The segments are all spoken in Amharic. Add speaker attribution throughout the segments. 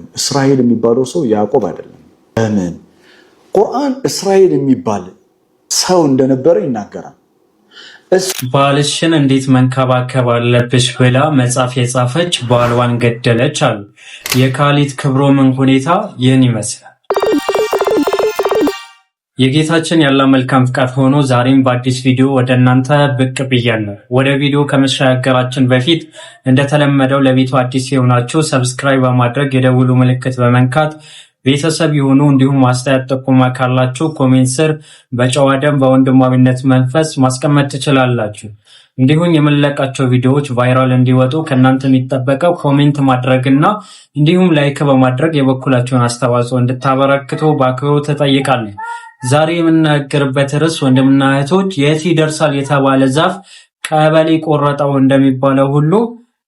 Speaker 1: አይደለም። እስራኤል የሚባለው ሰው ያዕቆብ አይደለም። ለምን? ቁርአን እስራኤል የሚባል ሰው እንደነበረ ይናገራል።
Speaker 2: ባልሽን እንዴት መንከባከብ አለብሽ ብላ መጽሐፍ የጻፈች ባልዋን ገደለች አሉ። የካሊት ክብሮምን ሁኔታ ይህን ይመስላል። የጌታችን ያለ መልካም ፍቃድ ሆኖ ዛሬም በአዲስ ቪዲዮ ወደ እናንተ ብቅ ብያለሁ። ወደ ቪዲዮ ከመሸጋገራችን በፊት እንደተለመደው ለቤቱ አዲስ የሆናችሁ ሰብስክራይብ በማድረግ የደውሉ ምልክት በመንካት ቤተሰብ የሆኑ እንዲሁም አስተያየት ጥቆማ ካላችሁ ኮሜንት ስር በጨዋ ደም በወንድማዊነት መንፈስ ማስቀመጥ ትችላላችሁ። እንዲሁም የምንለቃቸው ቪዲዮዎች ቫይራል እንዲወጡ ከእናንተ የሚጠበቀው ኮሜንት ማድረግና እንዲሁም ላይክ በማድረግ የበኩላቸውን አስተዋጽኦ እንድታበረክቱ በአክብሮት እጠይቃለሁ። ዛሬ የምናገርበት ርዕስ ወንድምና እህቶች የት ይደርሳል የተባለ ዛፍ ቀበሌ ቆረጠው እንደሚባለው ሁሉ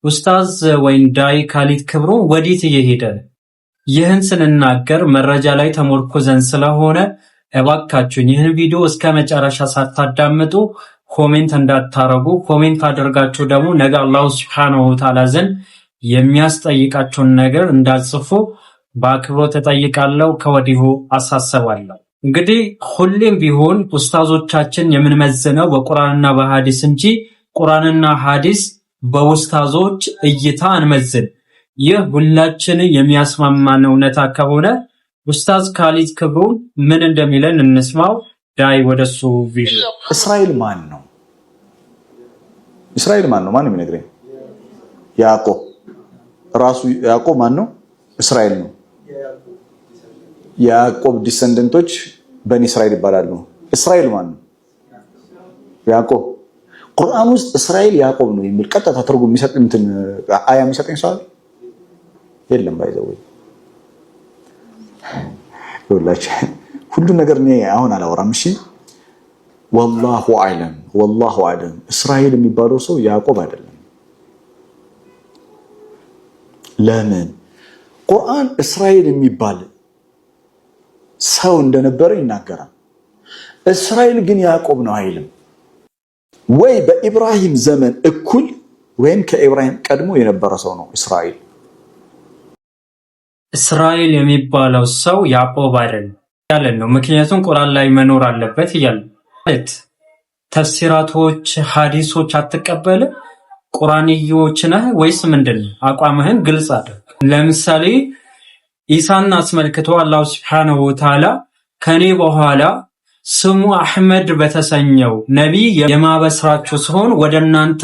Speaker 2: ኡስታዝ ወይም ዳይ ካሊድ ክብሮ ወዴት እየሄደ ይህን ስንናገር መረጃ ላይ ተሞርኮዘን ስለሆነ እባካችሁን ይህን ቪዲዮ እስከ መጨረሻ ሳታዳምጡ ኮሜንት እንዳታረጉ። ኮሜንት አድርጋችሁ ደግሞ ነገ አላሁ ሱብሓነሁ ወተዓላ ዘንድ የሚያስጠይቃችሁን ነገር እንዳጽፉ በአክብሮት እጠይቃለሁ፣ ከወዲሁ አሳሰባለሁ። እንግዲህ ሁሌም ቢሆን ኡስታዞቻችን የምንመዝነው በቁርአንና በሐዲስ እንጂ ቁርአንና ሐዲስ በኡስታዞች እይታ አንመዝን። ይህ ሁላችንን የሚያስማማን እውነታ ከሆነ ኡስታዝ ካሊድ ክብሩ ምን እንደሚለን እንስማው። ዳይ ወደሱ ቪዲዮ
Speaker 1: እስራኤል ማን ነው? እስራኤል ማን ነው? ማን የሚነግረኝ? ያዕቆብ ራሱ ያዕቆብ ማን ነው? እስራኤል ነው። የያዕቆብ ዲሰንደንቶች በኒ እስራኤል ይባላሉ። እስራኤል ማን ነው? ያዕቆብ። ቁርአን ውስጥ እስራኤል ያዕቆብ ነው የሚል ቀጥታ ትርጉም የሚሰጥ እንትን አያ የሚሰጠኝ ሰው የለም። ባይዘው ይወላችሁ ሁሉን ነገር እኔ አሁን አላወራም። እሺ ወላሁ አለም ወላሁ አለም። እስራኤል የሚባለው ሰው ያዕቆብ አይደለም። ለምን ቁርአን እስራኤል የሚባል ሰው እንደነበረ ይናገራል። እስራኤል ግን ያዕቆብ ነው አይልም። ወይ በኢብራሂም ዘመን እኩል ወይም ከኢብራሂም ቀድሞ የነበረ ሰው ነው እስራኤል።
Speaker 2: እስራኤል የሚባለው ሰው ያዕቆብ አይደል ያለን ነው። ምክንያቱም ቁርአን ላይ መኖር አለበት እያለ ማለት ተፍሲራቶች፣ ሀዲሶች አትቀበልም ቁራንዮች ነህ ወይስ ምንድን ነው? አቋምህን ግልጽ አድርግ። ለምሳሌ ኢሳን አስመልክቶ አላሁ ሱብሓነሁ ወተዓላ ከኔ በኋላ ስሙ አህመድ በተሰኘው ነቢይ የማበስራችሁ ሲሆን ወደ እናንተ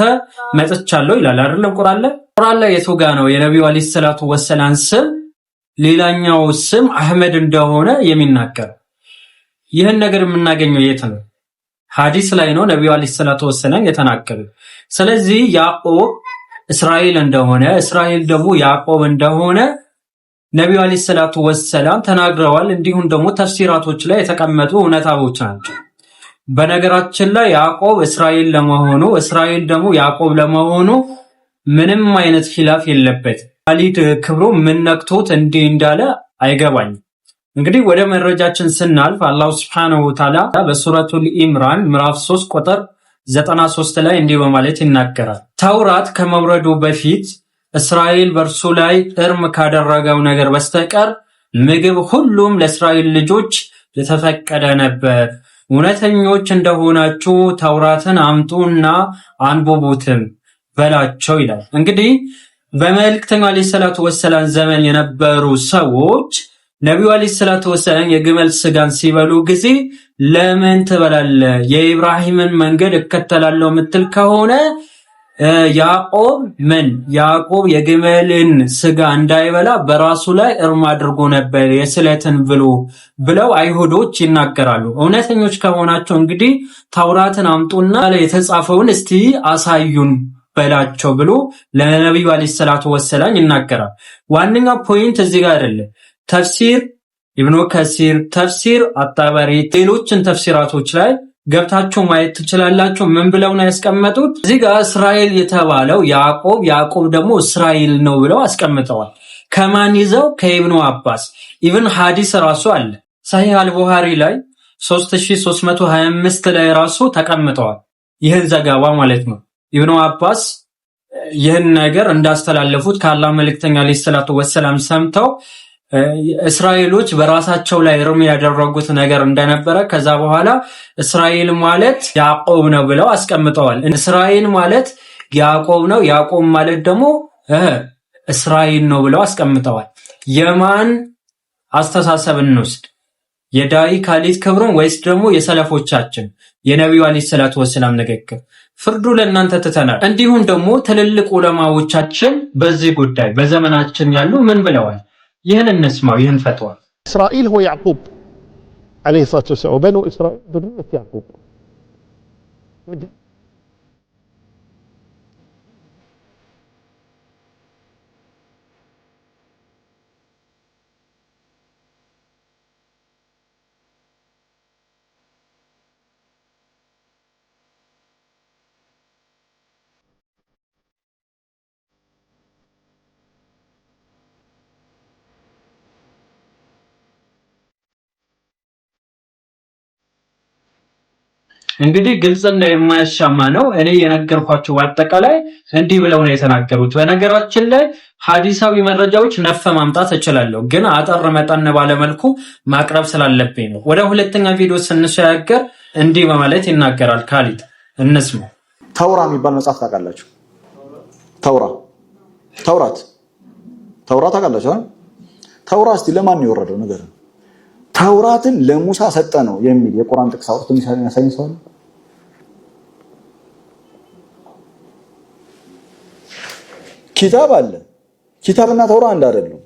Speaker 2: መጥቻለሁ ይላል። አይደለም ቁርአን ላይ ቁርአን ላይ የቱ ጋ ነው የነቢዩ አለይሂ ሰላቱ ወሰላም ስም ሌላኛው ስም አህመድ እንደሆነ የሚናገር? ይህን ነገር የምናገኘው የት ነው? ሐዲስ ላይ ነው ነቢዩ አለይሂ ሰላቱ ወሰላም የተናገሩት። ስለዚህ ያዕቆብ እስራኤል እንደሆነ እስራኤል ደግሞ ያዕቆብ እንደሆነ ነቢዩ አለ ሰላቱ ወሰላም ተናግረዋል። እንዲሁም ደግሞ ተፍሲራቶች ላይ የተቀመጡ እውነታዎች ናቸው። በነገራችን ላይ ያዕቆብ እስራኤል ለመሆኑ እስራኤል ደግሞ ያዕቆብ ለመሆኑ ምንም አይነት ሂላፍ የለበት ካሊድ ክብሩ ምን ነክቶት እንዲህ እንዳለ አይገባኝም። እንግዲህ ወደ መረጃችን ስናልፍ አላሁ ስብሐነሁ ወተዓላ በሱረቱል ኢምራን ምዕራፍ 3 ቁጥር 93 ላይ እንዲህ በማለት ይናገራል። ተውራት ከመውረዱ በፊት እስራኤል በእርሱ ላይ እርም ካደረገው ነገር በስተቀር ምግብ ሁሉም ለእስራኤል ልጆች የተፈቀደ ነበር። እውነተኞች እንደሆናችሁ ተውራትን አምጡና አንብቡትም በላቸው ይላል። እንግዲህ በመልእክተኛው ዓለይሂ ሰላቱ ወሰላም ዘመን የነበሩ ሰዎች ነቢዩ ዓለይሂ ሰላቱ ወሰላም የግመል ስጋን ሲበሉ ጊዜ ለምን ትበላለህ? የኢብራሂምን መንገድ እከተላለሁ የምትል ከሆነ ያዕቆብ ምን ያዕቆብ የግመልን ስጋ እንዳይበላ በራሱ ላይ እርም አድርጎ ነበር የስለትን ብሎ ብለው አይሁዶች ይናገራሉ። እውነተኞች ከመሆናቸው እንግዲህ ታውራትን አምጡና የተጻፈውን እስቲ አሳዩን በላቸው ብሎ ለነቢዩ ዓለይሂ ሰላቱ ወሰላም ይናገራል። ዋነኛ ፖይንት እዚህ ጋር አይደለ ተፍሲር ኢብኑ ከሲር፣ ተፍሲር አጣበሪ፣ ሌሎችን ተፍሲራቶች ላይ ገብታችሁ ማየት ትችላላችሁ። ምን ብለው ነው ያስቀመጡት? እዚህ ጋር እስራኤል የተባለው ያዕቆብ፣ ያዕቆብ ደግሞ እስራኤል ነው ብለው አስቀምጠዋል። ከማን ይዘው? ከኢብኑ አባስ። ኢብን ሐዲስ ራሱ አለ ሳሂህ አልቡሃሪ ላይ 3325 ላይ ራሱ ተቀምጠዋል። ይህን ዘገባ ማለት ነው። ኢብኑ አባስ ይህን ነገር እንዳስተላለፉት ከአላህ መልእክተኛ ዓለይሂ ሰላቱ ወሰላም ሰምተው እስራኤሎች በራሳቸው ላይ እርም ያደረጉት ነገር እንደነበረ ከዛ በኋላ እስራኤል ማለት ያዕቆብ ነው ብለው አስቀምጠዋል። እስራኤል ማለት ያዕቆብ ነው፣ ያዕቆብ ማለት ደግሞ እስራኤል ነው ብለው አስቀምጠዋል። የማን አስተሳሰብ እንውስድ? የዳዊ ካሊት ክብሩን ወይስ ደግሞ የሰለፎቻችን የነቢዩ ዓለይሂ ሰላቱ ወሰላም ንግግር? ፍርዱ ለእናንተ ትተናል። እንዲሁም ደግሞ ትልልቅ ዑለማዎቻችን በዚህ ጉዳይ በዘመናችን ያሉ ምን ብለዋል? يهن نسمع يهن فتوى
Speaker 1: إسرائيل هو يعقوب عليه الصلاة والسلام وبنو إسرائيل ذرية يعقوب
Speaker 2: እንግዲህ ግልጽና የማያሻማ ነው። እኔ የነገርኳቸው በአጠቃላይ እንዲህ ብለው ነው የተናገሩት። በነገራችን ላይ ሀዲሳዊ መረጃዎች ነፈ ማምጣት እችላለሁ፣ ግን አጠር መጠን ባለመልኩ ማቅረብ ስላለብኝ ነው። ወደ ሁለተኛ ቪዲዮ ስንሸጋገር እንዲህ በማለት ይናገራል ካሊድ። እንስማ።
Speaker 1: ተውራ የሚባል መጽሐፍ ታውቃላችሁ? ተውራ ተውራት ተውራ ታውቃላችሁ? ተውራ እስኪ ለማን የወረደው ነገር ነው ተውራትን ለሙሳ ሰጠ ነው የሚል የቁርአን ጥቅስ አውጥቶ የሚያሳይ ሰው ኪታብ አለ። ኪታብና ተውራ አንድ አይደሉም።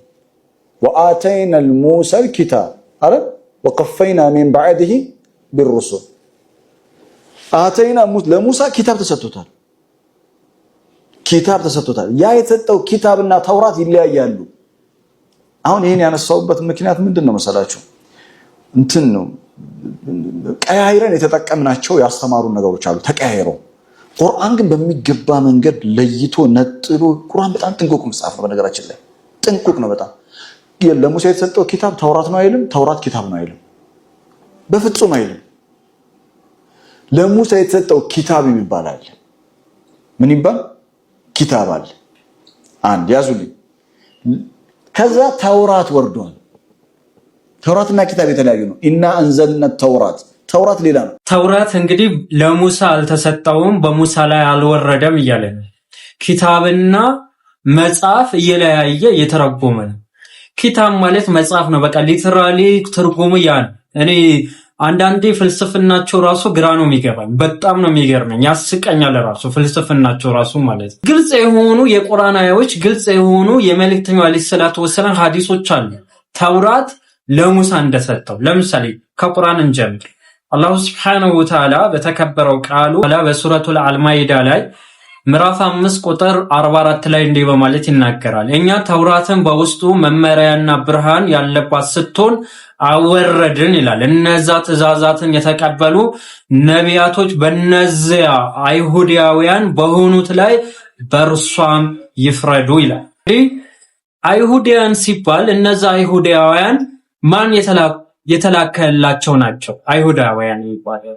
Speaker 1: ወአተይና ሙሳ ልኪታብ አረ ወቀፈይና ሚን ባዕድህ ቢሩሱል አተይና ለሙሳ ኪታብ ተሰጥቶታል። ኪታብ ተሰጥቶታል። ያ የተሰጠው ኪታብና ተውራት ይለያያሉ። አሁን ይህን ያነሳውበት ምክንያት ምንድን ነው መሰላችሁ? እንትን ነው ቀያይረን የተጠቀምናቸው ያስተማሩ ነገሮች አሉ ተቀያይረው። ቁርአን ግን በሚገባ መንገድ ለይቶ ነጥሎ፣ ቁርአን በጣም ጥንቁቅ መጽሐፍ በነገራችን ላይ ጥንቁቅ ነው በጣም ለሙሴ የተሰጠው ኪታብ ተውራት ነው አይልም። ተውራት ኪታብ ነው አይልም፣ በፍጹም አይልም። ለሙሴ የተሰጠው ኪታብ የሚባል አለ። ምን ይባል ኪታብ አለ። አንድ ያዙልኝ። ከዛ ተውራት ወርዷል። ተውራትና ኪታብ የተለያዩ ነው። ኢና እንዘልነ ተውራት ተውራት ሌላ ነው።
Speaker 2: ተውራት እንግዲህ ለሙሳ አልተሰጠውም በሙሳ ላይ አልወረደም እያለ ነው። ኪታብና መጽሐፍ እየለያየ እየተረጎመ ነው። ኪታብ ማለት መጽሐፍ ነው። በቃ ሊትራሊ ትርጉሙ ያን እኔ አንዳንዴ ፍልስፍናቸው ራሱ ግራ ነው የሚገባኝ። በጣም ነው የሚገርመኝ፣ ያስቀኛል ራሱ ፍልስፍናቸው ራሱ ማለት ግልጽ የሆኑ የቁርአን አያዎች፣ ግልጽ የሆኑ የመልእክተኛው ዓለይሂ ሰላቱ ወሰላም ሀዲሶች አሉ። ተውራት ለሙሳ እንደሰጠው። ለምሳሌ ከቁርአን እንጀምር። አላሁ ስብሓነሁ ወተዓላ በተከበረው ቃሉ በሱረቱል አልማይዳ ላይ ምዕራፍ አምስት ቁጥር 44 ላይ እንዲህ በማለት ይናገራል። እኛ ተውራትን በውስጡ መመሪያና ብርሃን ያለባት ስትሆን አወረድን ይላል። እነዛ ትእዛዛትን የተቀበሉ ነቢያቶች በነዚያ አይሁዲያውያን በሆኑት ላይ በእርሷም ይፍረዱ ይላል። እንግዲህ ሲባል እነዛ አይሁዲያውያን ማን የተላከላቸው ናቸው? አይሁዳውያን ይባላል።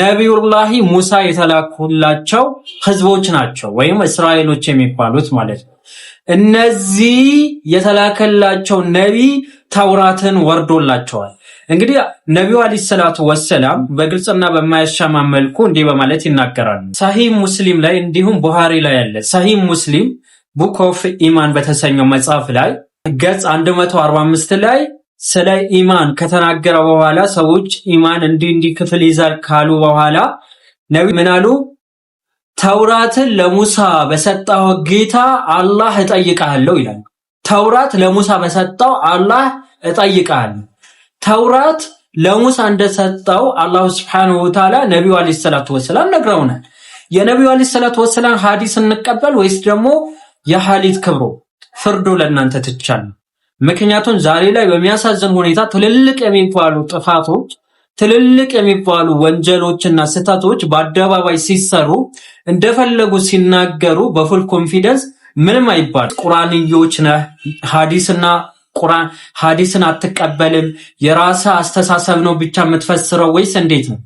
Speaker 2: ነቢዩላሂ ሙሳ የተላኩላቸው ህዝቦች ናቸው፣ ወይም እስራኤሎች የሚባሉት ማለት ነው። እነዚህ የተላከላቸው ነቢ ተውራትን ወርዶላቸዋል። እንግዲህ ነቢዩ አለይሂ ሰላቱ ወሰላም በግልጽና በማያሻማ መልኩ እንዲህ በማለት ይናገራሉ። ሰሂህ ሙስሊም ላይ እንዲሁም ቡሃሪ ላይ ያለ ሰሂህ ሙስሊም ቡክ ኦፍ ኢማን በተሰኘው መጽሐፍ ላይ ገጽ 145 ላይ ስለ ኢማን ከተናገረ በኋላ ሰዎች ኢማን እንዲህ እንዲህ ክፍል ይዛል ካሉ በኋላ ነቢ ምን አሉ? ተውራትን ለሙሳ በሰጣው ጌታ አላህ እጠይቃለሁ ይላሉ። ተውራት ለሙሳ በሰጣው አላህ እጠይቃለሁ። ተውራት ለሙሳ እንደሰጠው አላሁ ስብሐነሁ ወተዓላ ነቢዩ አለይሂ ሰላቱ ወሰላም ነግረውናል። የነቢዩ አለይሂ ሰላቱ ወሰላም ሐዲስ እንቀበል ወይስ ደግሞ የሐሊት ክብሮ ፍርዶ ለእናንተ ትቻለሁ ምክንያቱም ዛሬ ላይ በሚያሳዝን ሁኔታ ትልልቅ የሚባሉ ጥፋቶች ትልልቅ የሚባሉ ወንጀሎችና ስህተቶች በአደባባይ ሲሰሩ እንደፈለጉ ሲናገሩ በፉል ኮንፊደንስ ምንም አይባል። ቁራንዮች ነህ፣ ሀዲስና ቁራን ሀዲስን አትቀበልም፣ የራስህ አስተሳሰብ ነው ብቻ የምትፈስረው ወይስ እንዴት ነው?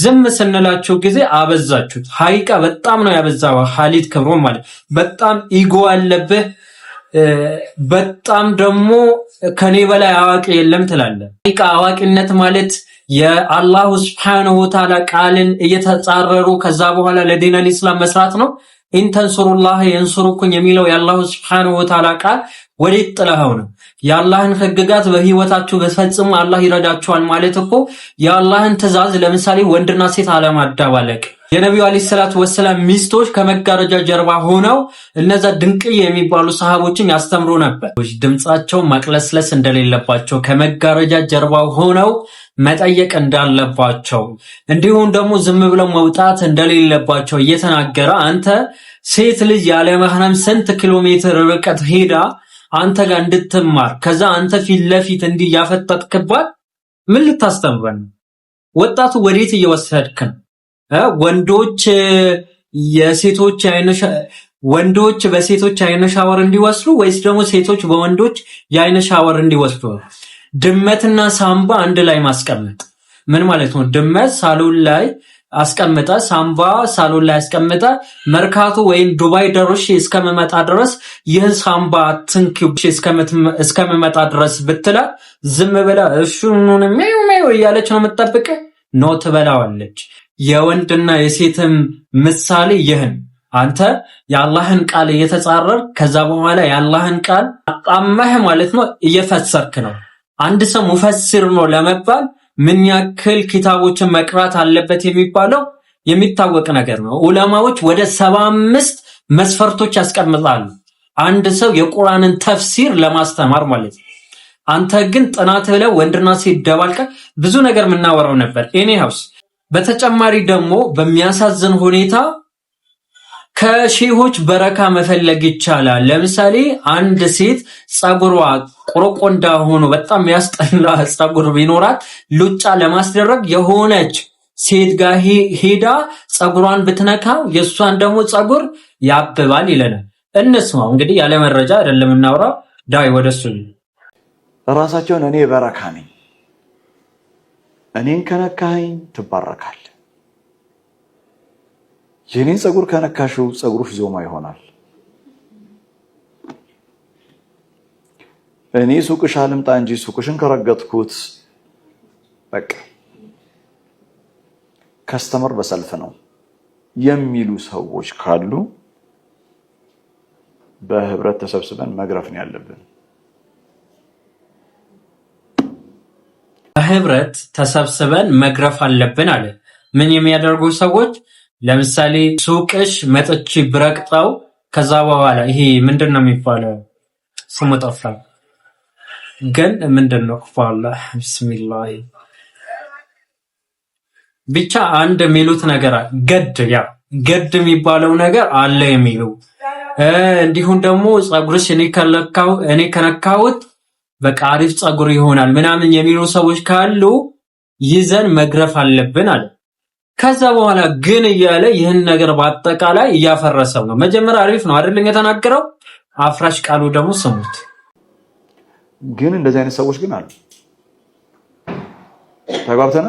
Speaker 2: ዝም ስንላችሁ ጊዜ አበዛችሁት። ሀይቃ በጣም ነው ያበዛው። ሀሊድ ክብሮ ማለት በጣም ኢጎ አለብህ በጣም ደግሞ ከኔ በላይ አዋቂ የለም ቃ አዋቂነት ማለት የአላሁ ስብሓነሁ ወተዓላ ቃልን እየተጻረሩ ከዛ በኋላ ለዲነል ኢስላም መስራት ነው። ኢንተንሱሩላህ የንሱሩኩን የሚለው የአላሁ ስብሓነሁ ወተዓላ ቃል ወዴት ጥለኸው ነው? የአላህን ህግጋት በህይወታችሁ በፈጽሙ አላህ ይረዳችኋል ማለት እኮ የአላህን ትእዛዝ ለምሳሌ ወንድና ሴት አለማዳባለቅ የነቢዩ አለ ሰላቱ ወሰላም ሚስቶች ከመጋረጃ ጀርባ ሆነው እነዛ ድንቅ የሚባሉ ሰሃቦችን ያስተምሩ ነበር። ድምፃቸው ማቅለስለስ እንደሌለባቸው፣ ከመጋረጃ ጀርባ ሆነው መጠየቅ እንዳለባቸው፣ እንዲሁም ደግሞ ዝም ብለው መውጣት እንደሌለባቸው እየተናገረ አንተ ሴት ልጅ ያለ መህረም ስንት ኪሎ ሜትር ርቀት ሄዳ አንተ ጋር እንድትማር ከዛ አንተ ፊት ለፊት እንዲህ ያፈጠጥክባት ምን ልታስተምረን? ወጣቱ ወዴት እየወሰድክን ወንዶች የሴቶች የአይነሻ ወንዶች በሴቶች የአይነ ሻወር እንዲወስዱ ወይስ ደግሞ ሴቶች በወንዶች የአይነ ሻወር እንዲወስዱ? ድመትና ሳምባ አንድ ላይ ማስቀመጥ ምን ማለት ነው? ድመት ሳሎን ላይ አስቀምጠ ሳምባ ሳሎን ላይ አስቀምጠ መርካቶ ወይም ዱባይ ደርሼ እስከመመጣ ድረስ ይህን ሳምባ ትንክ እስከመመጣ ድረስ ብትላ ዝም ብላ እሱን ምን እያለች ነው የምትጠብቅ ነው ትበላዋለች። የወንድና የሴትም ምሳሌ ይህን አንተ የአላህን ቃል እየተጻረር ከዛ በኋላ የአላህን ቃል አጣመህ ማለት ነው፣ እየፈሰርክ ነው። አንድ ሰው ሙፈሲር ነው ለመባል ምን ያክል ኪታቦችን መቅራት አለበት የሚባለው የሚታወቅ ነገር ነው። ዑለማዎች ወደ ሰባ አምስት መስፈርቶች ያስቀምጣሉ አንድ ሰው የቁርአንን ተፍሲር ለማስተማር ማለት ነው። አንተ ግን ጥናት ብለው ወንድና ሴት ደባልቀ ብዙ ነገር የምናወራው ነበር ኤኒ ሀውስ በተጨማሪ ደግሞ በሚያሳዝን ሁኔታ ከሼሆች በረካ መፈለግ ይቻላል። ለምሳሌ አንድ ሴት ጸጉሯ ቆረቆንዳ ሆኖ በጣም ያስጠላ ጸጉር ቢኖራት ሉጫ ለማስደረግ የሆነች ሴት ጋር ሄዳ ጸጉሯን ብትነካ የእሷን ደግሞ ጸጉር ያብባል ይለናል። እንስማው እንግዲህ ያለ መረጃ አይደለም እናውራ። ዳይ ወደሱ
Speaker 1: ራሳቸውን እኔ በረካ ነኝ እኔን ከነካኸኝ ትባረካል። የእኔን ፀጉር ከነካሽው ፀጉርሽ ዞማ ይሆናል። እኔ ሱቅሽ አልምጣ እንጂ ሱቅሽን ከረገጥኩት በቃ ከስተመር በሰልፍ ነው የሚሉ ሰዎች ካሉ በህብረት ተሰብስበን መግረፍ ነው ያለብን።
Speaker 2: ህብረት ተሰብስበን መግረፍ አለብን አለ። ምን የሚያደርጉ ሰዎች ለምሳሌ ሱቅሽ መጥቼ ብረቅጠው ከዛ በኋላ ይሄ ምንድን ነው የሚባለው? ስሙ ጠፋ። ግን ምንድን ነው ፋላ ብስሚላ ብቻ አንድ የሚሉት ነገር ገድ ያ ገድ የሚባለው ነገር አለ የሚሉ እንዲሁም ደግሞ ጸጉርሽ እኔ ከነካሁት በቃ አሪፍ ጸጉር ይሆናል ምናምን የሚሉ ሰዎች ካሉ ይዘን መግረፍ አለብን አለ። ከዛ በኋላ ግን እያለ ይህን ነገር በአጠቃላይ እያፈረሰው ነው። መጀመሪያ አሪፍ ነው አይደል የተናገረው። አፍራሽ ቃሉ ደግሞ ስሙት።
Speaker 1: ግን እንደዚህ አይነት ሰዎች ግን አሉ። ተግባብተና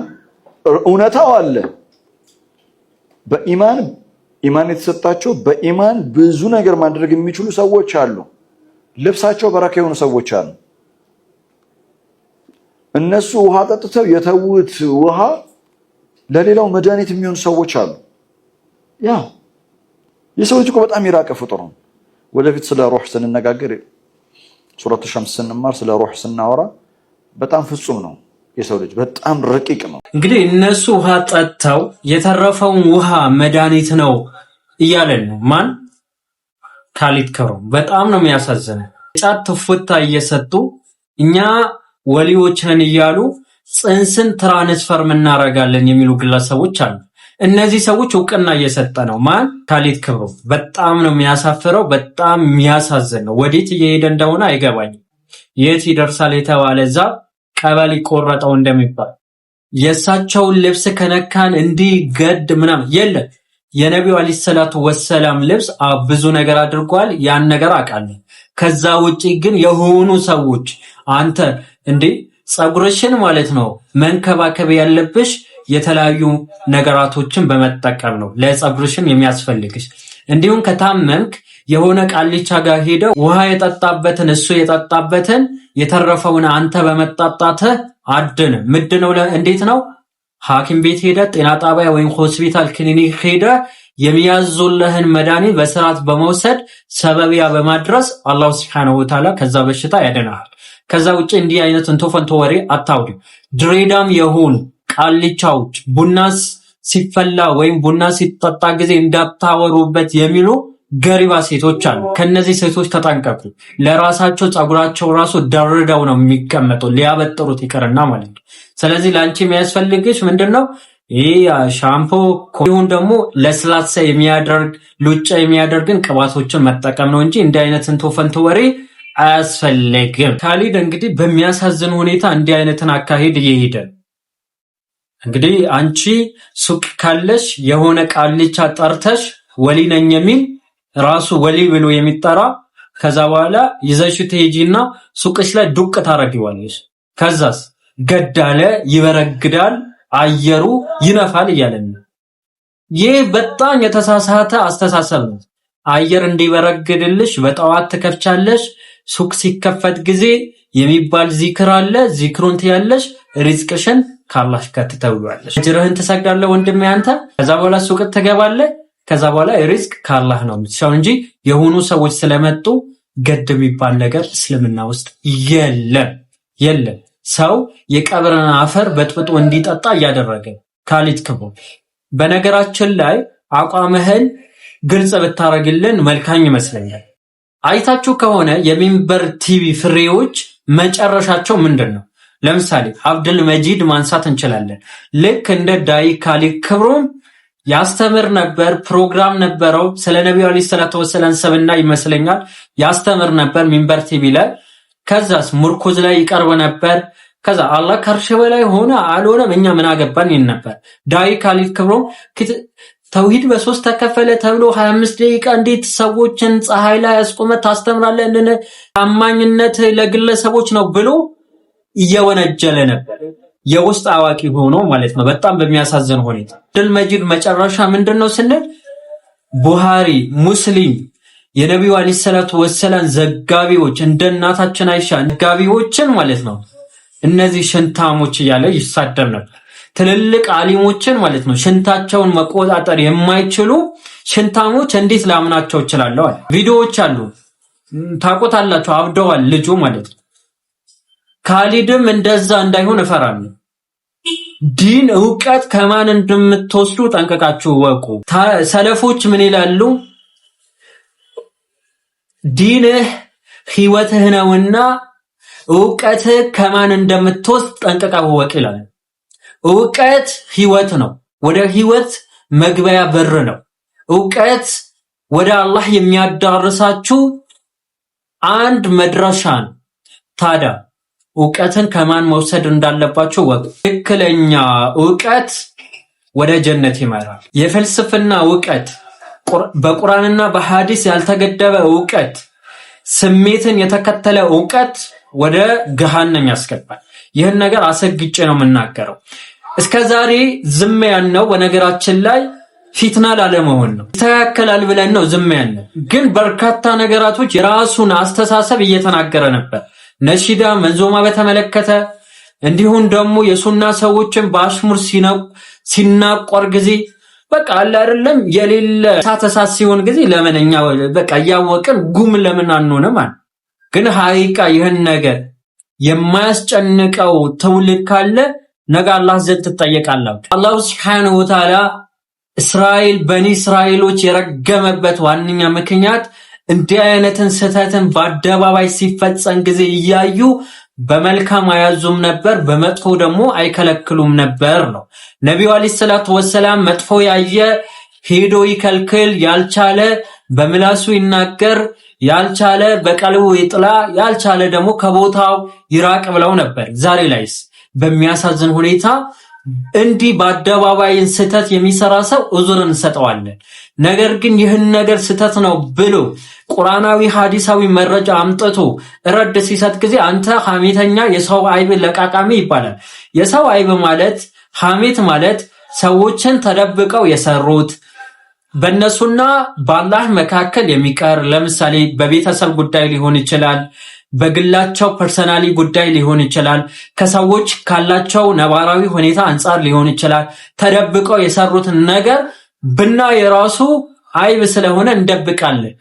Speaker 1: እውነታው አለ። በኢማን ኢማን የተሰጣቸው በኢማን ብዙ ነገር ማድረግ የሚችሉ ሰዎች አሉ። ልብሳቸው በረካ የሆኑ ሰዎች አሉ። እነሱ ውሃ ጠጥተው የተዉት ውሃ ለሌላው መድኃኒት የሚሆኑ ሰዎች አሉ። ያው የሰው ልጅ እኮ በጣም የራቀ ፍጡር ነው። ወደፊት ስለ ሩህ ስንነጋገር ሱረቱ ሸምስ ስንማር ስለ ሩህ ስናወራ በጣም ፍጹም ነው የሰው ልጅ በጣም ረቂቅ ነው።
Speaker 2: እንግዲህ እነሱ ውሃ ጠጥተው የተረፈውን ውሃ መድኃኒት ነው እያለን ነው። ማን ካሊድ ከሮም በጣም ነው የሚያሳዝነ ጫት ትፉታ እየሰጡ እኛ ወሊዎችን እያሉ ጽንስን ትራንስፈር እናደርጋለን የሚሉ ግለሰቦች አሉ። እነዚህ ሰዎች እውቅና እየሰጠ ነው። ማን ታሊት ክብሩ። በጣም ነው የሚያሳፍረው። በጣም የሚያሳዝን ነው። ወዴት እየሄደ እንደሆነ አይገባኝም። የት ይደርሳል የተባለ እዛ ቀበሌ ቆረጠው እንደሚባል የእሳቸውን ልብስ ከነካን እንዲህ ገድ ምናምን የለም። የነቢዩ አለይሂ ሰላቱ ወሰላም ልብስ ብዙ ነገር አድርጓል። ያን ነገር አውቃለሁ። ከዛ ውጪ ግን የሆኑ ሰዎች አንተ እንዴ ጸጉርሽን ማለት ነው መንከባከብ ያለብሽ የተለያዩ ነገራቶችን በመጠቀም ነው ለጸጉርሽም የሚያስፈልግሽ። እንዲሁም ከታመምክ የሆነ ቃልቻ ጋር ሄደው ውሃ የጠጣበትን እሱ የጠጣበትን የተረፈውን አንተ በመጣጣትህ አድን ነው። እንዴት ነው ሐኪም ቤት ሄደ ጤና ጣቢያ ወይም ሆስፒታል ክሊኒክ ሄደ የሚያዙልህን መድኃኒት በስርዓት በመውሰድ ሰበቢያ በማድረስ አላሁ ስብሐነሁ ወተዓላ ከዛ በሽታ ያደናሃል። ከዛ ውጭ እንዲህ አይነት እንቶፈንቶ ወሬ አታውሪ። ድሬዳም የሆን ቃልቻዎች ቡና ሲፈላ ወይም ቡና ሲጠጣ ጊዜ እንዳታወሩበት የሚሉ ገሪባ ሴቶች አሉ። ከነዚህ ሴቶች ተጠንቀቁ። ለራሳቸው ጸጉራቸው ራሱ ደርደው ነው የሚቀመጡ ሊያበጥሩት ይቅርና ማለት ነው። ስለዚህ ለአንቺ የሚያስፈልግሽ ምንድን ነው? ይህ ሻምፖ ይሁን ደግሞ ለስላሳ የሚያደርግ ሉጫ የሚያደርግን ቅባቶችን መጠቀም ነው እንጂ እንዲህ አይነት ስንቶ ፈንቶ ወሬ አያስፈለግም። ካሊድ እንግዲህ በሚያሳዝን ሁኔታ እንዲህ አይነትን አካሄድ እየሄደ እንግዲህ አንቺ ሱቅ ካለሽ የሆነ ቃልቻ ጠርተሽ ወሊ ነኝ የሚል ራሱ ወሊ ብሎ የሚጠራ ከዛ በኋላ ይዘሽ ትሄጂና ሱቅሽ ላይ ዱቅ ታረጊዋለሽ። ከዛስ ገዳለ ይበረግዳል፣ አየሩ ይነፋል እያለን ይህ በጣም የተሳሳተ አስተሳሰብ ነው። አየር እንዲበረግድልሽ በጠዋት ትከፍቻለሽ ሱቅ ሲከፈት ጊዜ የሚባል ዚክር አለ። ዚክሩን ትያለሽ፣ ሪዝቅሽን ካላሽ ጋር ትተውያለሽ። ጅርህን ትሰግዳለህ ወንድሜ አንተ። ከዛ በኋላ ሱቅ ትገባለህ። ከዛ በኋላ ሪዝቅ ካላህ ነው የምትሻው እንጂ የሆኑ ሰዎች ስለመጡ ገድ የሚባል ነገር እስልምና ውስጥ የለም የለም። ሰው የቀብርን አፈር በጥብጦ እንዲጠጣ እያደረገ ካሊት ክቦ። በነገራችን ላይ አቋምህን ግልጽ ብታደርግልን መልካኝ ይመስለኛል። አይታችሁ ከሆነ የሚንበር ቲቪ ፍሬዎች መጨረሻቸው ምንድን ነው? ለምሳሌ አብድል መጂድ ማንሳት እንችላለን። ልክ እንደ ዳይ ካሊ ክብሮም ያስተምር ነበር፣ ፕሮግራም ነበረው። ስለ ነቢዩ ዓለይሂ ሰላቱ ወሰላም ሰብና ይመስለኛል ያስተምር ነበር ሚንበር ቲቪ ላይ። ከዛስ ሙርኩዝ ላይ ይቀርብ ነበር። ከዛ አላህ ከርሽ በላይ ሆነ አልሆነም እኛ ምን አገባን ይል ነበር። ዳይ ካሊ ክብሮም ተውሂድ በሶስት ተከፈለ ተብሎ 25 ደቂቃ እንዴት ሰዎችን ፀሐይ ላይ አስቆመ ታስተምራለን? ታማኝነት ለግለሰቦች ነው ብሎ እየወነጀለ ነበር። የውስጥ አዋቂ ሆኖ ማለት ነው። በጣም በሚያሳዝን ሁኔታ ድል መጂድ መጨረሻ ምንድን ነው ስንል ቡሃሪ፣ ሙስሊም የነቢዩ አለይሂ ሰላቱ ወሰላም ዘጋቢዎች እንደ እናታችን አይሻ ዘጋቢዎችን ማለት ነው እነዚህ ሽንታሞች እያለ ይሳደብ ነበር። ትልልቅ አሊሞችን ማለት ነው ሽንታቸውን መቆጣጠር የማይችሉ ሽንታሞች እንዴት ላምናቸው እችላለሁ? አለ። ቪዲዮዎች አሉ ታቆታላቸው አብደዋል፣ ልጁ ማለት ነው። ካሊድም እንደዛ እንዳይሆን እፈራለሁ። ዲን እውቀት ከማን እንደምትወስዱ ጠንቀቃችሁ ወቁ። ሰለፎች ምን ይላሉ? ዲንህ ህይወትህ ነውና እውቀትህ ከማን እንደምትወስድ ጠንቀቃ ወቅ ይላሉ? እውቀት ህይወት ነው። ወደ ህይወት መግቢያ በር ነው። እውቀት ወደ አላህ የሚያዳርሳችሁ አንድ መድረሻን ታዳ ታዲያ እውቀትን ከማን መውሰድ እንዳለባችሁ ወቅ ትክክለኛ እውቀት ወደ ጀነት ይመራል። የፍልስፍና እውቀት፣ በቁርአንና በሐዲስ ያልተገደበ እውቀት፣ ስሜትን የተከተለ እውቀት ወደ ገሃነም ያስገባል። ይህን ነገር አሰግጬ ነው የምናገረው። እስከ ዛሬ ዝም ያልነው በነገራችን ላይ ፊትና ላለመሆን ነው። ይስተካከላል ብለን ነው ዝም ያልነው። ግን በርካታ ነገራቶች የራሱን አስተሳሰብ እየተናገረ ነበር። ነሺዳ መንዞማ በተመለከተ እንዲሁም ደግሞ የሱና ሰዎችን በአሽሙር ሲናቆር ጊዜ በቃ አለ አይደለም የሌለ ሳተሳት ሲሆን ጊዜ ለምን በቃ እያወቅን ጉም ለምን አንሆንም? ግን ሀቂቃ ይህን ነገር የማያስጨንቀው ትውልድ ካለ ነገ አላህ ዘንድ ትጠየቃላችሁ። አላሁ ስብሓነሁ ወተዓላ እስራኤል በኒ እስራኤሎች የረገመበት ዋነኛ ምክንያት እንዲህ አይነትን ስህተትን በአደባባይ ሲፈጸም ጊዜ እያዩ በመልካም አያዙም ነበር፣ በመጥፎ ደግሞ አይከለክሉም ነበር ነው። ነቢዩ አለይሂ ሰላቱ ወሰላም መጥፎ ያየ ሄዶ ይከልክል፣ ያልቻለ በምላሱ ይናገር፣ ያልቻለ በቀልቡ ይጥላ፣ ያልቻለ ደግሞ ከቦታው ይራቅ ብለው ነበር። ዛሬ ላይስ በሚያሳዝን ሁኔታ እንዲህ በአደባባይን ስህተት የሚሰራ ሰው እዙር እንሰጠዋለን። ነገር ግን ይህን ነገር ስህተት ነው ብሎ ቁርአናዊ ሐዲሳዊ መረጃ አምጥቶ ረድ ሲሰጥ ጊዜ አንተ ሐሜተኛ፣ የሰው አይብ ለቃቃሚ ይባላል። የሰው አይብ ማለት ሐሜት ማለት ሰዎችን ተደብቀው የሰሩት በእነሱና በአላህ መካከል የሚቀር ለምሳሌ በቤተሰብ ጉዳይ ሊሆን ይችላል፣ በግላቸው ፐርሰናሊ ጉዳይ ሊሆን ይችላል፣ ከሰዎች ካላቸው ነባራዊ ሁኔታ አንጻር ሊሆን ይችላል። ተደብቀው የሰሩትን ነገር ብና የራሱ አይብ ስለሆነ እንደብቃለን።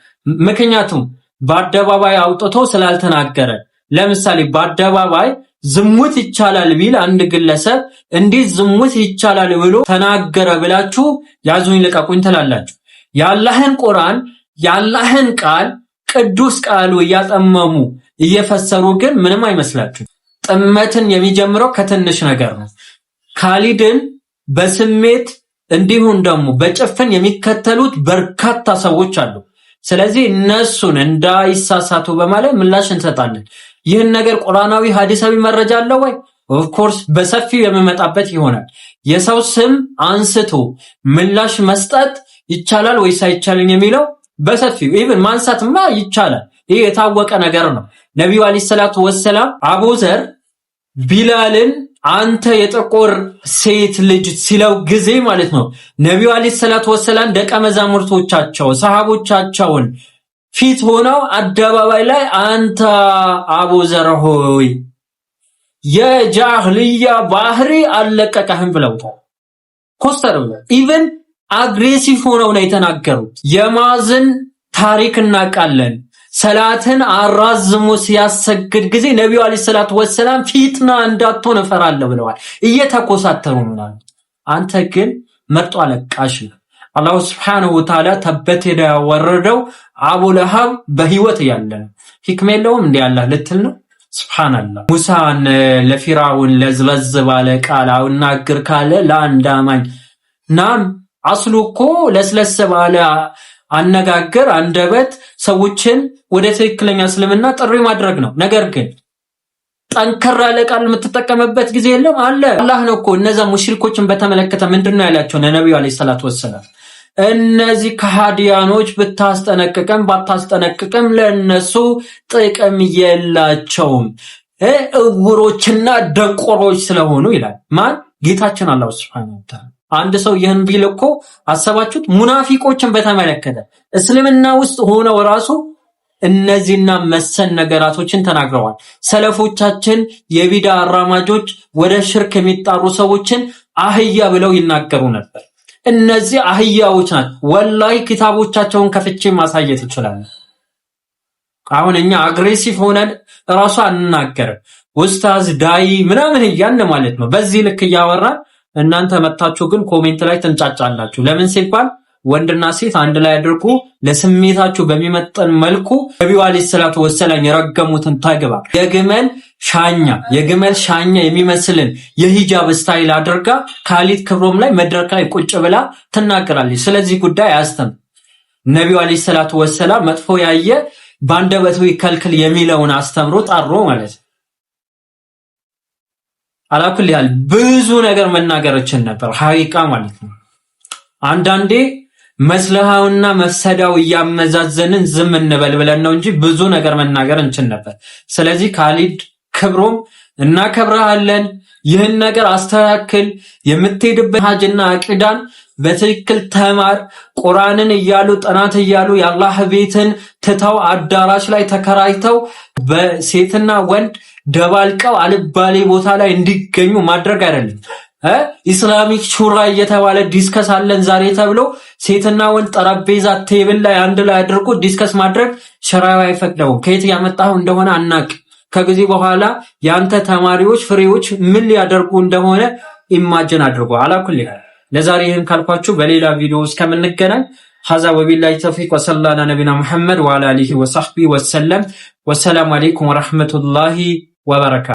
Speaker 2: ምክንያቱም በአደባባይ አውጥቶ ስላልተናገረ ለምሳሌ በአደባባይ ዝሙት ይቻላል ቢል አንድ ግለሰብ እንዴት ዝሙት ይቻላል ብሎ ተናገረ ብላችሁ ያዙኝ ልቀቁኝ ትላላችሁ። የአላህን ቁርአን የአላህን ቃል ቅዱስ ቃሉ እያጠመሙ እየፈሰሩ ግን ምንም አይመስላችሁ። ጥመትን የሚጀምረው ከትንሽ ነገር ነው። ካሊድን በስሜት እንዲሁም ደግሞ በጭፍን የሚከተሉት በርካታ ሰዎች አሉ። ስለዚህ እነሱን እንዳይሳሳቱ በማለት ምላሽ እንሰጣለን። ይህን ነገር ቁርአናዊ ሀዲሳዊ መረጃ አለው ወይ? ኦፍኮርስ በሰፊው የምመጣበት ይሆናል። የሰው ስም አንስቶ ምላሽ መስጠት ይቻላል ወይስ አይቻልም የሚለው በሰፊው ኢቭን ማንሳትማ ይቻላል። ይህ የታወቀ ነገር ነው። ነቢዩ አለይሂ ሰላቱ ወሰላም አቡዘር ቢላልን አንተ የጥቁር ሴት ልጅ ሲለው ጊዜ ማለት ነው። ነቢዩ አለይሂ ሰላቱ ወሰላም ደቀ መዛሙርቶቻቸው ሰሃቦቻቸውን ፊት ሆነው አደባባይ ላይ አንተ አቡዘር ሆይ የጃህልያ ባህሪ አልለቀቀህም ብለው ኮስተር ብለው ኢቨን አግሬሲቭ ሆነው ነው የተናገሩት። የማዝን ታሪክ እናውቃለን። ሰላትን አራዝሙ ሲያሰግድ ጊዜ ነቢዩ አለ ሰላት ወሰላም ፊትና እንዳትሆን እፈራለሁ ብለዋል። እየተኮሳተሩ ምናምን። አንተ ግን መርጦ አለቃሽ ነው። አላሁ ስብሓነሁ ወተዓላ ተበት ሄዳ ያወረደው አቡ ለሃብ በህይወት እያለ ነው። ሂክም የለውም እንዲ ያላ ልትል ነው። ስብሓንላህ ሙሳን ለፊራውን ለዝለዝ ባለ ቃል አውናግር ካለ ለአንድ አማኝ ናም አስሉ እኮ ለስለስ ባለ አነጋገር፣ አንደበት ሰዎችን ወደ ትክክለኛ እስልምና ጥሪ ማድረግ ነው። ነገር ግን ጠንከር ያለ ቃል የምትጠቀምበት ጊዜ የለም አለ። አላህ ነው እኮ እነዛ ሙሽሪኮችን በተመለከተ ምንድን ነው ያላቸው? ነቢዩ ዓለይሂ ሰላቱ ወሰላም እነዚህ ከሃዲያኖች ብታስጠነቅቅም ባታስጠነቅቅም ለነሱ ጥቅም የላቸውም እውሮችና ደንቆሮች ስለሆኑ ይላል። ማን ጌታችን አላህ ሱብሓነሁ ወተዓላ አንድ ሰው ይህን ቢል እኮ አሰባችሁት? ሙናፊቆችን በተመለከተ እስልምና ውስጥ ሆነው ራሱ እነዚህና መሰል ነገራቶችን ተናግረዋል። ሰለፎቻችን የቢዳ አራማጆች ወደ ሽርክ የሚጣሩ ሰዎችን አህያ ብለው ይናገሩ ነበር። እነዚህ አህያዎች ናቸው። ወላይ ኪታቦቻቸውን ከፍቼ ማሳየት ይችላል። አሁን እኛ አግሬሲቭ ሆነን እራሱ አንናገርም። ወስታዝ ዳይ ምናምን እያልን ማለት ነው። በዚህ ልክ እያወራን እናንተ መታችሁ ግን ኮሜንት ላይ ትንጫጫላችሁ። ለምን ሲባል ወንድና ሴት አንድ ላይ አድርጉ፣ ለስሜታችሁ በሚመጠን መልኩ ነቢዩ አለይሂ ሰላቱ ወሰላም የረገሙትን ተግባር የግመል ሻኛ የግመል ሻኛ የሚመስልን የሂጃብ ስታይል አድርጋ ካሊድ ክብሮም ላይ መድረክ ላይ ቁጭ ብላ ትናገራለች። ስለዚህ ጉዳይ አያስተም ነቢዩ አለይሂ ሰላቱ ወሰላም መጥፎ ያየ ባንደበቱ ይከልክል የሚለውን አስተምሮ ጠሮ ማለት ነው። አላኩል ያህል ብዙ ነገር መናገር እችል ነበር፣ ሀቂቃ ማለት ነው። አንዳንዴ መስለሃውና መፍሰዳው እያመዛዘንን ዝም እንበል ብለን ነው እንጂ ብዙ ነገር መናገር እንችል ነበር። ስለዚህ ካሊድ ክብሮም እናከብረሃለን። ይህን ነገር አስተካክል፣ የምትሄድበት ሀጅና አቂዳን በትክክል ተማር። ቁርአንን እያሉ ጥናት እያሉ የአላህ ቤትን ትተው አዳራሽ ላይ ተከራይተው በሴትና ወንድ ደባልቀው አልባሌ ቦታ ላይ እንዲገኙ ማድረግ አይደለም። ኢስላሚክ ሹራ እየተባለ ዲስከስ አለን ዛሬ ተብሎ ሴትና ወንድ ጠረጴዛ ቴብል ላይ አንድ ላይ አድርጎ ዲስከስ ማድረግ ሸራዊ አይፈቅደውም። ከየት ያመጣው እንደሆነ አናቅ። ከጊዜ በኋላ የአንተ ተማሪዎች ፍሬዎች ምን ሊያደርጉ እንደሆነ ኢማጅን አድርጎ አላኩል። ለዛሬ ይህን ካልኳችሁ በሌላ ቪዲዮ እስከምንገናኝ ሀዛ ወቢላሂ ተውፊቅ ወሰላና ነቢና ሙሐመድ ወአላ አሊሂ ወሰሕቢ ወሰለም። ወሰላሙ አለይኩም ወረሕመቱላሂ ওয়াবারাকাত